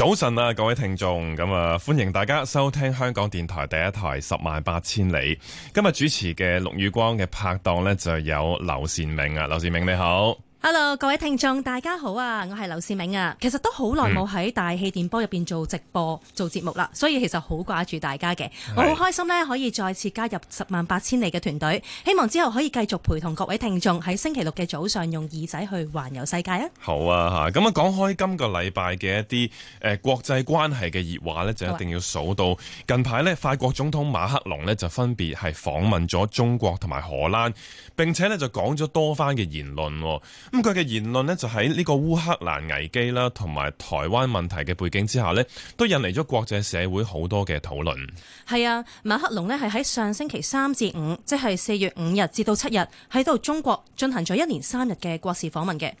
早晨啊，各位聽眾，咁啊歡迎大家收聽香港電台第一台十萬八千里。今日主持嘅陸宇光嘅拍檔呢就有劉善明啊，劉善明你好。Hello，各位聽眾，大家好啊！我係劉士明啊，其實都好耐冇喺大氣電波入邊做直播做節目啦，嗯、所以其實好掛住大家嘅。是我好開心呢，可以再次加入十萬八千里嘅團隊，希望之後可以繼續陪同各位聽眾喺星期六嘅早上用耳仔去環遊世界啊！好啊，吓咁啊，講、嗯、開今個禮拜嘅一啲誒、呃、國際關係嘅熱話呢，就一定要數到、啊、近排呢，法國總統馬克龍呢，就分別係訪問咗中國同埋荷蘭，並且呢，就講咗多番嘅言論、哦。咁佢嘅言論呢，就喺呢個烏克蘭危機啦，同埋台灣問題嘅背景之下呢，都引嚟咗國際社會好多嘅討論。係啊，馬克龍呢，係喺上星期三至五，即係四月五日至到七日，喺到中國進行咗一連三日嘅國事訪問嘅。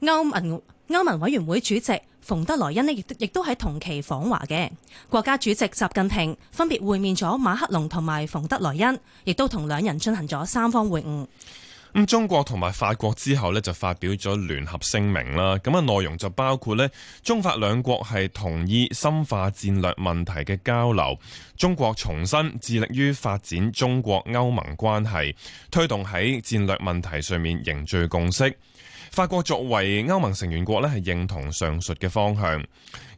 歐盟歐盟委員會主席馮德萊恩呢，亦，亦都亦都喺同期訪華嘅。國家主席習近平分別會面咗馬克龍同埋馮德萊恩，亦都同兩人進行咗三方會晤。中國同埋法國之後呢就發表咗聯合聲明啦。咁啊內容就包括呢中法兩國係同意深化戰略問題嘅交流。中國重申致力於發展中國歐盟關係，推動喺戰略問題上面凝聚共識。法國作為歐盟成員國呢，係認同上述嘅方向。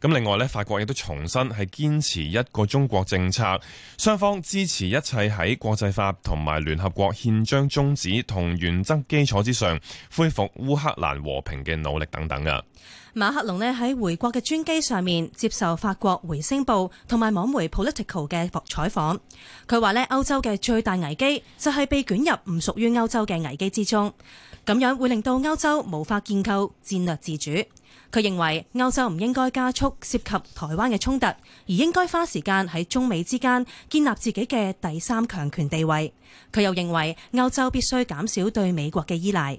咁另外呢，法國亦都重申係堅持一個中國政策，雙方支持一切喺國際法同埋聯合國憲章宗旨同原則基礎之上，恢復烏克蘭和平嘅努力等等嘅。馬克龍呢喺回國嘅專機上面接受法國《回聲報》同埋網媒《Political》嘅採訪，佢話咧歐洲嘅最大危機就係被捲入唔屬於歐洲嘅危機之中，咁樣會令到歐洲無法建構戰略自主。佢認為歐洲唔應該加速涉及台灣嘅衝突，而應該花時間喺中美之間建立自己嘅第三強權地位。佢又認為歐洲必須減少對美國嘅依賴。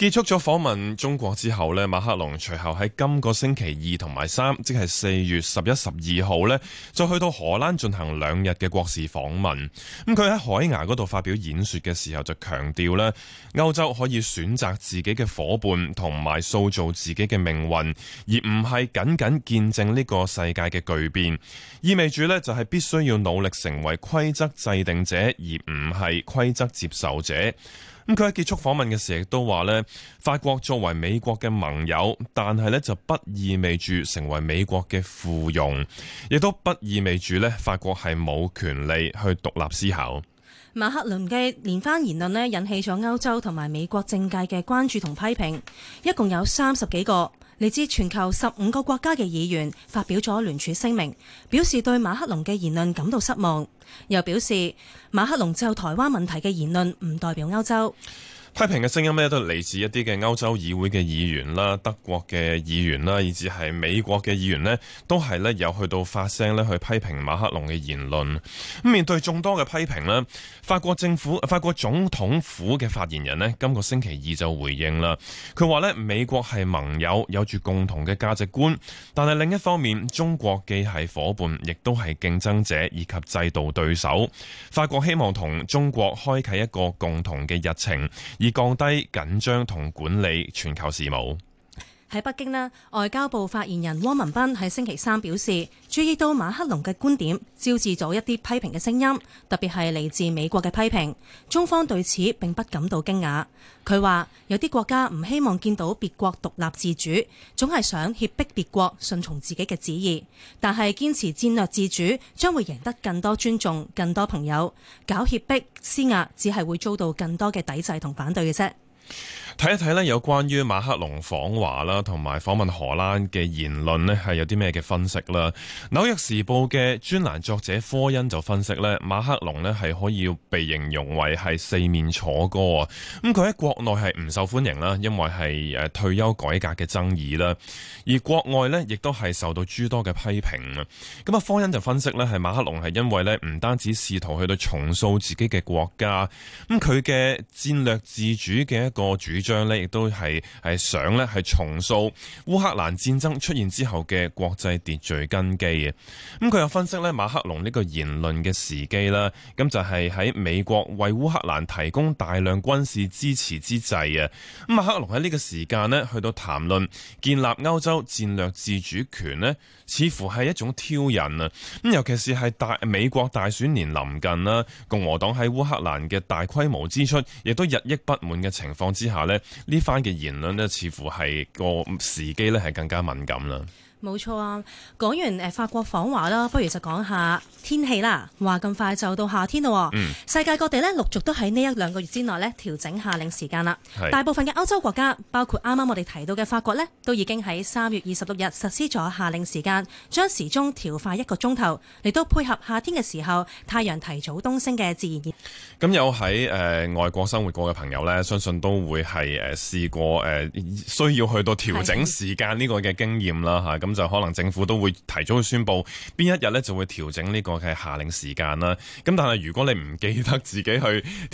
結束咗訪問中國之後呢，馬克龍隨後喺今個星期二同埋三，即係四月十一、十二號呢，就去到荷蘭進行兩日嘅國事訪問。咁佢喺海牙嗰度發表演說嘅時候，就強調呢，歐洲可以選擇自己嘅伙伴，同埋塑造自己嘅命運，而唔係僅僅見證呢個世界嘅巨變。意味住呢，就係必須要努力成為規則制定者，而唔係規則接受者。咁佢喺結束訪問嘅時候亦都話呢，法國作為美國嘅盟友，但係呢就不意味住成為美國嘅附庸，亦都不意味住呢，法國係冇權利去獨立思考。馬克龍嘅連番言論呢，引起咗歐洲同埋美國政界嘅關注同批評，一共有三十幾個。嚟自全球十五個國家嘅議員發表咗聯署聲明，表示對馬克龍嘅言論感到失望，又表示馬克龍就台灣問題嘅言論唔代表歐洲。批評嘅聲音呢都嚟自一啲嘅歐洲議會嘅議員啦、德國嘅議員啦，以至係美國嘅議員呢，都係呢有去到發聲呢去批評馬克龍嘅言論。咁面對眾多嘅批評呢，法國政府、法國總統府嘅發言人呢，今個星期二就回應啦。佢話呢，美國係盟友，有住共同嘅價值觀，但係另一方面，中國既係夥伴，亦都係競爭者，以及制度對手。法國希望同中國開啟一個共同嘅日程。以降低緊張同管理全球事務。喺北京呢，外交部發言人汪文斌喺星期三表示，注意到馬克龍嘅觀點，招致咗一啲批評嘅聲音，特別係嚟自美國嘅批評。中方對此並不感到驚訝。佢話：有啲國家唔希望見到別國獨立自主，總係想脅迫別國順從自己嘅旨意。但係堅持戰略自主，將會贏得更多尊重、更多朋友。搞脅迫施壓，只係會遭到更多嘅抵制同反對嘅啫。睇一睇呢，有關於馬克龍訪華啦，同埋訪問荷蘭嘅言論呢，係有啲咩嘅分析啦？紐約時報嘅專欄作者科恩就分析呢，馬克龍呢係可以被形容為係四面楚歌啊！咁佢喺國內係唔受歡迎啦，因為係誒退休改革嘅爭議啦，而國外呢，亦都係受到諸多嘅批評啊！咁啊，科恩就分析呢係馬克龍係因為呢唔單止試圖去到重塑自己嘅國家，咁佢嘅戰略自主嘅一個主。張呢亦都係係想呢係重塑烏克蘭戰爭出現之後嘅國際秩序根基。咁佢又分析呢，馬克龍呢個言論嘅時機啦，咁就係喺美國為烏克蘭提供大量軍事支持之際啊。咁馬克龍喺呢個時間呢去到談論建立歐洲戰略自主權呢，似乎係一種挑釁啊。咁尤其是係大美國大選年臨近啦，共和黨喺烏克蘭嘅大規模支出亦都日益不滿嘅情況之下。呢番嘅言論呢，似乎係個時機咧，係更加敏感啦。冇錯啊！講完誒法國訪華啦，不如就講下天氣啦。話咁快就到夏天咯，嗯、世界各地呢，陸續都喺呢一兩個月之內呢調整夏令時間啦。是大部分嘅歐洲國家，包括啱啱我哋提到嘅法國呢，都已經喺三月二十六日實施咗夏令時間，將時鐘調快一個鐘頭，嚟到配合夏天嘅時候太陽提早東升嘅自然現象。咁、嗯、有喺誒、呃、外國生活過嘅朋友呢，相信都會係誒試過誒、呃、需要去到調整時間呢個嘅經驗啦吓咁。是是嗯咁就可能政府都會提早去宣布邊一日咧就會調整呢個嘅夏令時間啦。咁但係如果你唔記得自己去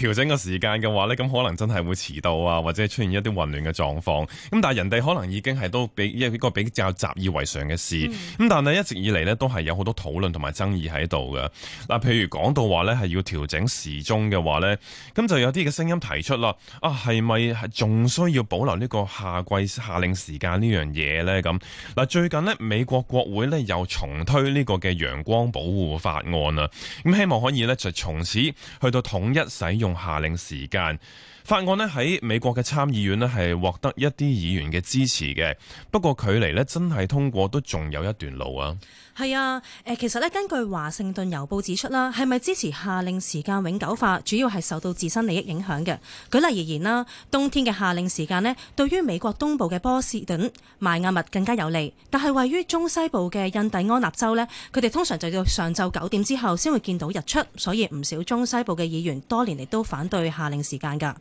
調整個時間嘅話咧，咁可能真係會遲到啊，或者出現一啲混亂嘅狀況。咁但係人哋可能已經係都比一個比較習以為常嘅事。咁但係一直以嚟咧都係有好多討論同埋爭議喺度嘅。嗱，譬如講到話咧係要調整時鐘嘅話咧，咁就有啲嘅聲音提出啦啊，係咪係仲需要保留呢個夏季夏令時間呢樣嘢咧？咁嗱，最近。美國國會咧又重推呢個嘅陽光保護法案啊，咁希望可以咧就從此去到統一使用夏令時間。法案咧喺美國嘅參議院咧係獲得一啲議員嘅支持嘅，不過距離咧真係通過都仲有一段路啊。係啊，誒，其實咧根據華盛頓郵報指出啦，係咪支持夏令時間永久化，主要係受到自身利益影響嘅。舉例而言啦，冬天嘅夏令時間咧，對於美國東部嘅波士頓、邁阿密更加有利，但係位於中西部嘅印第安納州呢，佢哋通常就要上晝九點之後先會見到日出，所以唔少中西部嘅議員多年嚟都反對夏令時間㗎。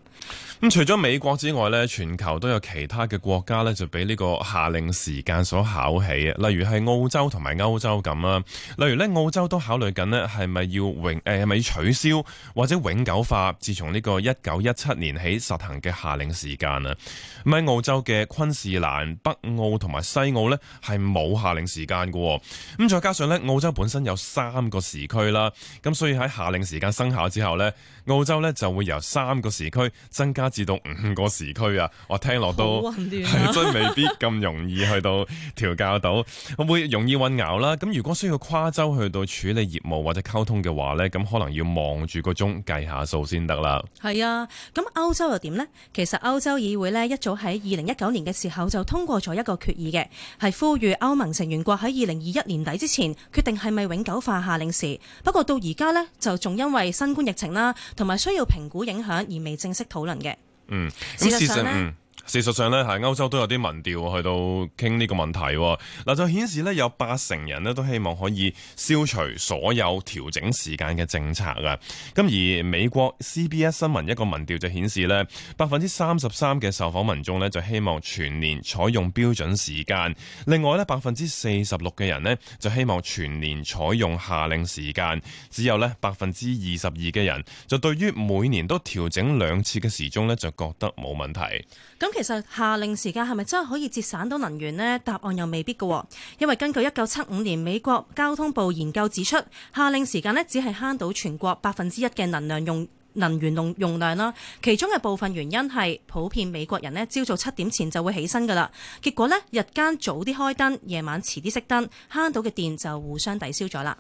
咁除咗美國之外呢，全球都有其他嘅國家呢，就俾呢個夏令時間所考起啊。例如係澳洲同埋歐洲。州咁啦，例如咧澳洲都考慮緊咧係咪要永誒係咪取消或者永久化自從呢個一九一七年起實行嘅夏令時間啊？咁喺澳洲嘅昆士蘭、北澳同埋西澳咧係冇夏令時間噶，咁再加上咧澳洲本身有三個時區啦，咁所以喺夏令時間生效之後咧，澳洲咧就會由三個時區增加至到五個時區啊！我聽落都係真係未必咁容易去到調教到，會容易混淆啦。咁如果需要跨洲去到處理業務或者溝通嘅話呢，咁可能要望住個鐘計下數先得啦。係啊，咁歐洲又點呢？其實歐洲議會呢，一早喺二零一九年嘅時候就通過咗一個決議嘅，係呼籲歐盟成員國喺二零二一年底之前決定係咪永久化夏令時。不過到而家呢，就仲因為新冠疫情啦，同埋需要評估影響而未正式討論嘅。嗯，咁事實上咧。嗯事實上呢喺歐洲都有啲民調去到傾呢個問題，嗱就顯示呢，有八成人呢都希望可以消除所有調整時間嘅政策㗎。咁而美國 CBS 新聞一個民調就顯示呢，百分之三十三嘅受訪民眾呢就希望全年採用標準時間。另外呢，百分之四十六嘅人呢就希望全年採用夏令時間。只有呢，百分之二十二嘅人就對於每年都調整兩次嘅時鐘呢，就覺得冇問題。咁其實夏令時間係咪真係可以節省到能源呢？答案又未必噶，因為根據一九七五年美國交通部研究指出，夏令時間只係慳到全國百分之一嘅能量用能源用用量啦。其中嘅部分原因係普遍美國人咧朝早七點前就會起身噶啦，結果呢日間早啲開燈，夜晚遲啲熄燈，慳到嘅電就互相抵消咗啦。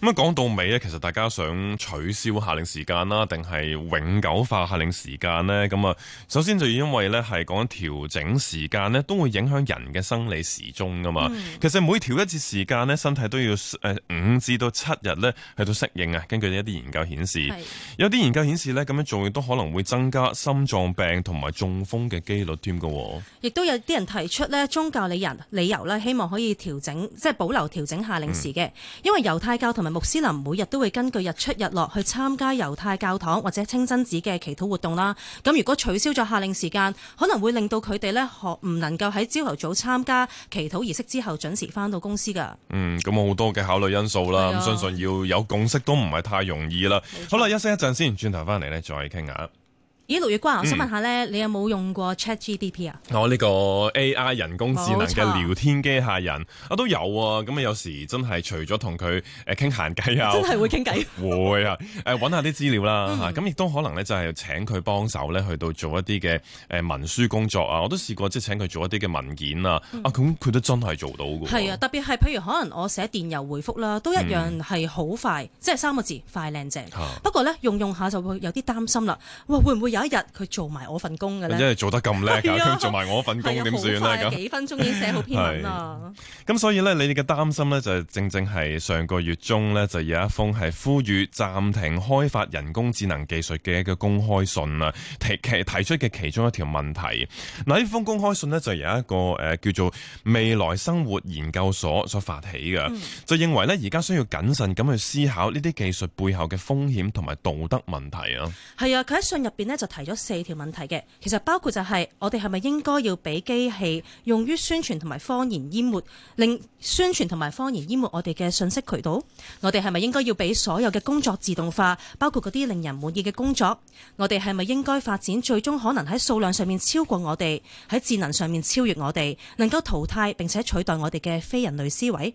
咁啊，講到尾咧，其實大家想取消下令時間啦，定係永久化下令時間咧？咁啊，首先就因為咧，係講調整時間咧，都會影響人嘅生理時鐘噶嘛。嗯、其實每調一次時間咧，身體都要誒五至到七日咧，係到適應啊。根據一啲研究顯示，是有啲研究顯示咧，咁樣做都可能會增加心臟病同埋中風嘅幾率添嘅。亦都有啲人提出咧宗教理人理由咧，希望可以調整，即係保留調整下令時嘅，嗯、因為猶太教同埋。穆斯林每日都會根據日出日落去參加猶太教堂或者清真寺嘅祈禱活動啦。咁如果取消咗夏令時間，可能會令到佢哋咧學唔能夠喺朝頭早參加祈禱儀式之後準時翻到公司噶。嗯，咁好多嘅考慮因素啦，咁是的 相信要有共識都唔係太容易啦。沒錯 好啦，休息一陣先，轉頭翻嚟呢再傾下。咦，以六月瓜我想問一下咧，嗯、你有冇用過 ChatGPT 啊、哦？我、這、呢個 AI 人工智能嘅聊天機械人，我錯、啊、都有啊。咁啊，有時真係除咗同佢誒傾閒偈啊，真係會傾偈、啊。 會啊，誒揾下啲資料啦。咁亦都可能咧，就係請佢幫手咧，去到做一啲嘅誒文書工作啊。我都試過即係請佢做一啲嘅文件啊。啊，咁佢都真係做到㗎、啊。係、嗯、啊，特別係譬如可能我寫電郵回覆啦，都一樣係好快，嗯、即係三個字，快靚正。啊、不過咧，用用下就會有啲擔心啦。哇，會唔會有？有一日佢做埋我份工嘅咧，即係做得咁叻，啊，佢 做埋我份工點算咧？ 啊、 幾分鐘已經寫好篇文啦。 咁所以咧，你哋嘅擔心咧就正正係上個月中咧就有一封係呼籲暫停開發人工智能技術嘅一個公開信啊。提提出嘅其中一條問題，嗱，呢封公開信呢，就有一個誒、呃、叫做未來生活研究所所發起嘅，就認為咧而家需要謹慎咁去思考呢啲技術背後嘅風險同埋道德問題啊。係啊， 佢喺信入邊咧就。提咗四條問題嘅，其實包括就係我哋係咪應該要俾機器用於宣傳同埋謊言淹沒，令宣傳同埋謊言淹沒我哋嘅信息渠道？我哋係咪應該要俾所有嘅工作自動化，包括嗰啲令人滿意嘅工作？我哋係咪應該發展最終可能喺數量上面超過我哋，喺智能上面超越我哋，能夠淘汰並且取代我哋嘅非人類思維？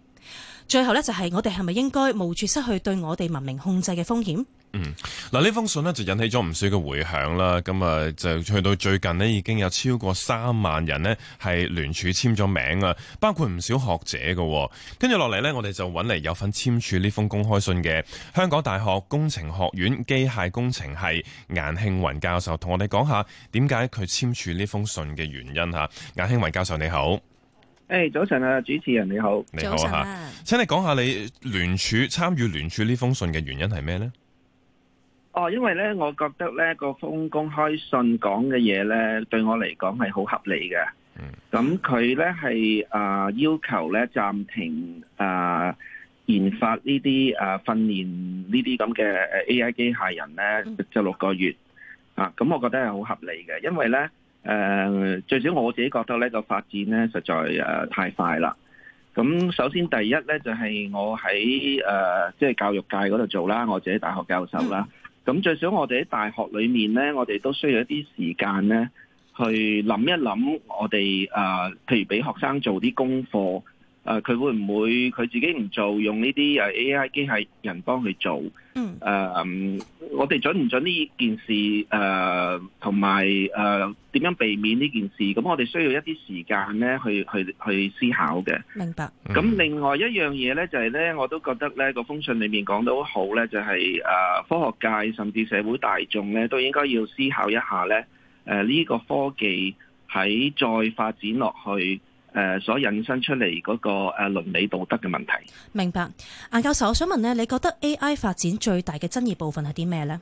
最後呢，就係我哋係咪應該冒住失去對我哋文明控制嘅風險？嗯，嗱，呢封信呢就引起咗唔少嘅回響啦。咁啊，就去到最近呢，已經有超過三萬人呢係聯署簽咗名啊，包括唔少學者喎。跟住落嚟呢，我哋就揾嚟有份簽署呢封公開信嘅香港大學工程學院機械工程系顏慶雲教授，同我哋講下點解佢簽署呢封信嘅原因吓。顏慶雲教授你好。誒，hey, 早晨啊，主持人你好，你好吓。啊，啊、請你講下你聯署參與聯署呢封信嘅原因係咩呢？哦，因為呢，我覺得呢個封公開信講嘅嘢呢，對我嚟講係好合理嘅。咁佢呢，係啊、呃、要求呢暫停啊、呃、研發呢啲啊訓練呢啲咁嘅 AI 機械人呢，就六個月、嗯、啊。咁我覺得係好合理嘅，因為呢。誒、呃，最少我自己覺得呢、這個發展呢實在誒、呃、太快啦。咁首先第一呢，就係、是、我喺誒即係教育界嗰度做啦，我自己大學教授啦。咁最少我哋喺大學裏面呢，我哋都需要一啲時間呢去諗一諗我哋誒、呃，譬如俾學生做啲功課。誒，佢、啊、會唔會佢自己唔做，用呢啲誒 A I 機械人幫佢做？嗯，誒、啊，我哋准唔准呢件事？誒、啊，同埋誒，點、啊、樣避免呢件事？咁我哋需要一啲時間咧，去去去思考嘅。明白。咁另外一樣嘢咧，就係、是、咧，我都覺得咧，個封信裏面講得好咧，就係、是、誒、啊，科學界甚至社會大眾咧，都應該要思考一下咧。誒、啊，呢、這個科技喺再發展落去。誒所引申出嚟嗰個誒倫理道德嘅問題，明白？顏教授，我想問咧，你覺得 AI 發展最大嘅爭議部分係啲咩呢？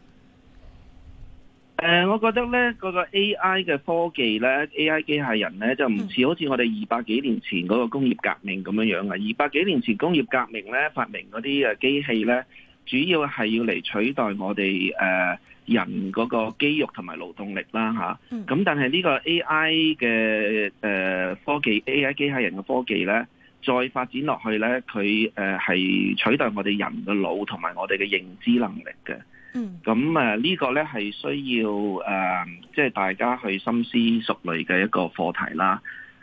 誒、呃，我覺得呢，嗰、嗰個 AI 嘅科技呢，AI 機械人呢，就唔似好似我哋二百幾年前嗰個工業革命咁樣樣啊！二百幾年前工業革命呢，發明嗰啲機器呢，主要係要嚟取代我哋誒。呃人嗰個肌肉同埋勞動力啦吓。咁但係呢個 AI 嘅誒科技，AI 機械人嘅科技咧，再發展落去咧，佢誒係取代我哋人嘅腦同埋我哋嘅認知能力嘅。嗯，咁誒呢個咧係需要誒，即係大家去深思熟慮嘅一個課題啦。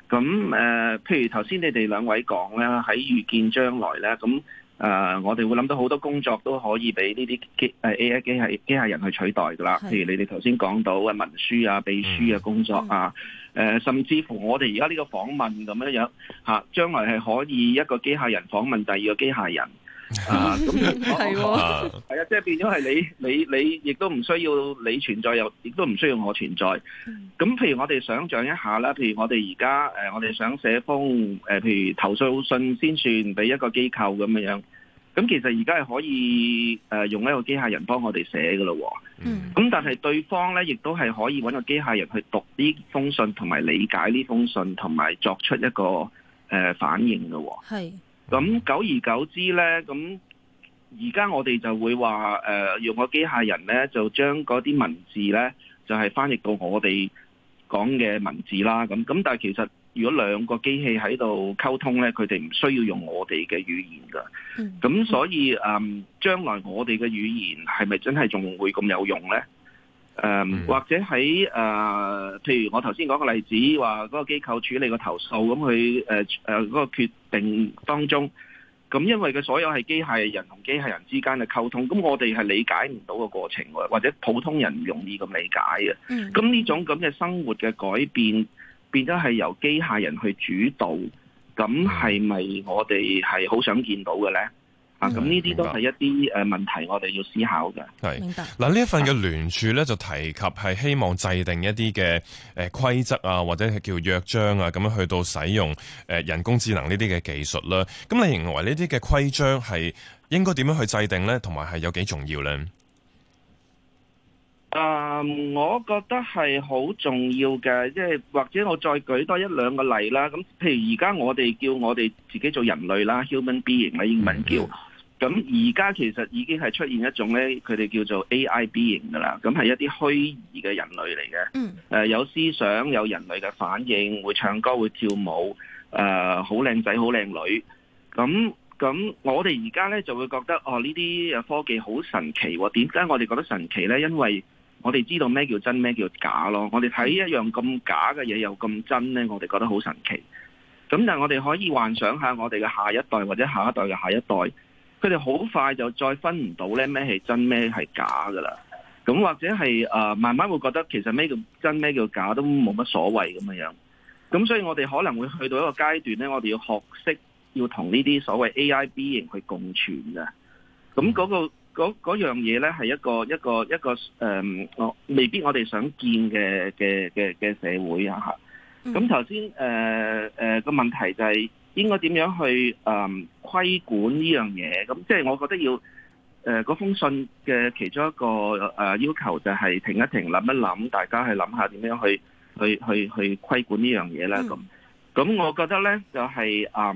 咁誒，譬如頭先你哋兩位講咧，喺預見將來咧，咁。誒，uh, 我哋會諗到好多工作都可以俾呢啲機 A.I. 機械機械人去取代㗎啦。是譬如你哋頭先講到嘅文書啊、秘書啊工作啊，是 uh, 甚至乎我哋而家呢個訪問咁樣樣，嚇，將來係可以一個機械人訪問第二個機械人。 啊，咁係係啊，即係變咗係你，你你亦都唔需要你存在，又亦都唔需要我存在。咁譬如我哋想象一下啦，譬如我哋而家誒，我哋想寫封誒、呃，譬如投訴信先算俾一個機構咁樣樣。咁其實而家係可以誒、呃、用一個機械人幫我哋寫噶咯。嗯。咁、嗯、但係對方咧，亦都係可以搵個機械人去讀呢封信，同埋理解呢封信，同埋作出一個誒、呃、反應噶。係。咁久而久之呢，咁而家我哋就會話誒、呃，用個機械人呢，就將嗰啲文字呢，就係、是、翻譯到我哋講嘅文字啦。咁咁，但係其實如果兩個機器喺度溝通呢，佢哋唔需要用我哋嘅語言㗎。咁所以誒、呃，將來我哋嘅語言係咪真係仲會咁有用呢？誒，um, 或者喺誒，譬、uh, 如我頭先講個例子，話嗰個機構處理個投訴，咁佢誒誒嗰個決定當中，咁因為佢所有係機械人同機械人之間嘅溝通，咁我哋係理解唔到個過程，或者普通人唔容易咁理解嘅。咁呢種咁嘅生活嘅改變，變咗係由機械人去主導，咁係咪我哋係好想見到嘅咧？啊，咁呢啲都係一啲誒問題，我哋要思考嘅。係，明白，嗱呢一份嘅聯署咧，就提及係希望制定一啲嘅誒規則啊，或者係叫約章啊，咁樣去到使用誒人工智能呢啲嘅技術啦，啊。咁你認為呢啲嘅規章係應該點樣去制定呢？同埋係有幾重要呢？誒、嗯，我覺得係好重要嘅，即係或者我再舉多一兩個例啦。咁譬如而家我哋叫我哋自己做人類啦，human being 英文叫。咁而家其實已經係出現一種咧，佢哋叫做 A I B 型㗎啦。咁係一啲虛擬嘅人類嚟嘅。嗯。有思想，有人類嘅反應，會唱歌，會跳舞。誒、呃，好靚仔，好靚女。咁咁，我哋而家咧就會覺得，哦，呢啲科技好神奇喎。點解我哋覺得神奇呢？因為我哋知道咩叫真，咩叫假咯。我哋睇一樣咁假嘅嘢又咁真呢。我哋覺得好神奇。咁但係我哋可以幻想下，我哋嘅下一代或者下一代嘅下一代。佢哋好快就再分唔到咧，咩係真咩係假噶啦，咁或者係誒、呃、慢慢會覺得其實咩叫真咩叫假都冇乜所謂咁樣樣，咁所以我哋可能會去到一個階段咧，我哋要學識要同呢啲所謂 A I B 型去共存噶，咁嗰、嗰個嗰嗰樣嘢咧係一個一個一個誒、呃，未必我哋想見嘅嘅嘅嘅社會啊，咁頭先誒誒個問題就係、是。應該點樣去誒、嗯、規管呢樣嘢？咁即係我覺得要誒嗰、呃、封信嘅其中一個誒、呃、要求就係停一停、諗一諗，大家去諗下點樣去去去去規管呢樣嘢啦。咁咁，嗯、我覺得咧就係、是、誒、呃、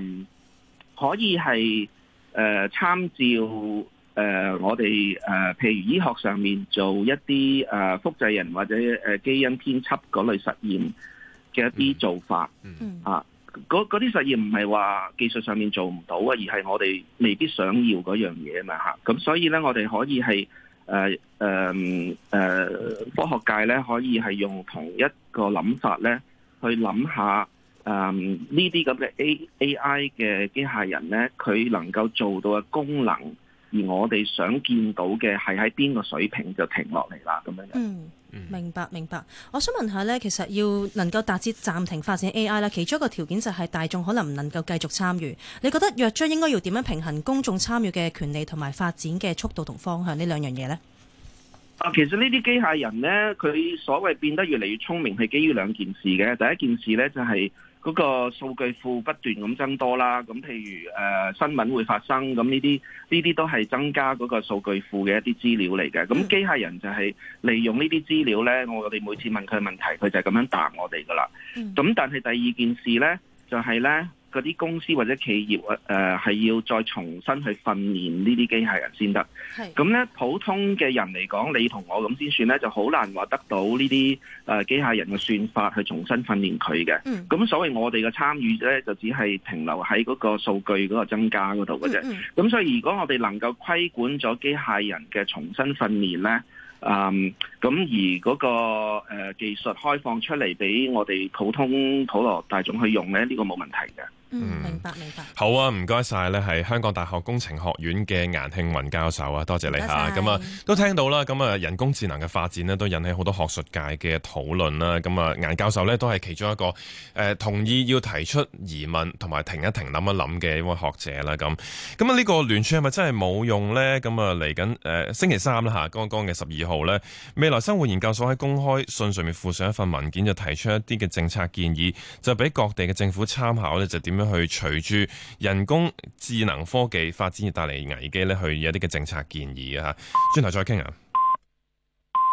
可以係誒、呃、參照誒、呃、我哋誒、呃、譬如醫學上面做一啲誒、呃、複製人或者誒基因編輯嗰類實驗嘅一啲做法、嗯嗯、啊。嗰啲實驗唔係話技術上面做唔到啊，而係我哋未必想要嗰樣嘢啊嘛吓。咁所以咧，我哋可以係誒誒誒科學界咧，可以係用同一個諗法咧，去諗下誒呢啲咁嘅 A A I 嘅機械人咧，佢能夠做到嘅功能，而我哋想見到嘅係喺邊個水平就停落嚟啦咁樣。嗯明白明白，我想問下呢，其實要能夠達至暫停發展 AI 啦，其中一個條件就係大眾可能唔能夠繼續參與。你覺得若將應該要點樣平衡公眾參與嘅權利同埋發展嘅速度同方向呢兩樣嘢呢？啊，其實呢啲機械人呢，佢所謂變得越嚟越聰明係基於兩件事嘅。第一件事呢，就係、是。嗰個數據庫不斷咁增多啦，咁譬如誒、呃、新聞會發生，咁呢啲呢啲都係增加嗰個數據庫嘅一啲資料嚟嘅。咁機械人就係利用呢啲資料呢，我哋每次問佢問題，佢就係咁樣答我哋㗎喇。咁但係第二件事呢，就係、是、呢。嗰啲公司或者企業誒係、呃、要再重新去訓練呢啲機械人先得。咁咧是，普通嘅人嚟講，你同我咁先算咧，就好難話得到呢啲誒機械人嘅算法去重新訓練佢嘅。咁、嗯、所謂我哋嘅參與咧，就只係停留喺嗰個數據嗰個增加嗰度嘅啫。咁、嗯嗯、所以，如果我哋能夠規管咗機械人嘅重新訓練咧，嗯，咁而嗰、嗰個誒、呃、技術開放出嚟俾我哋普通普羅大眾去用咧，呢、呢個冇問題嘅。嗯，明白明白。好啊，唔該晒，呢係香港大學工程學院嘅顏慶雲教授啊，多謝你吓，咁啊謝都聽到啦，咁啊人工智能嘅發展咧，都引起好多學術界嘅討論啦。咁啊顏教授咧都係其中一個誒同意要提出疑問同埋停一停諗一諗嘅一位學者啦。咁咁啊呢個聯署係咪真係冇用咧？咁啊嚟緊誒星期三啦吓，剛剛嘅十二號咧，未來生活研究所喺公開信上面附上一份文件，就提出一啲嘅政策建議，就俾各地嘅政府參考咧，就點樣。去隨住人工智能科技發展而帶嚟危機咧，去有一啲嘅政策建議嘅吓，轉頭再傾啊！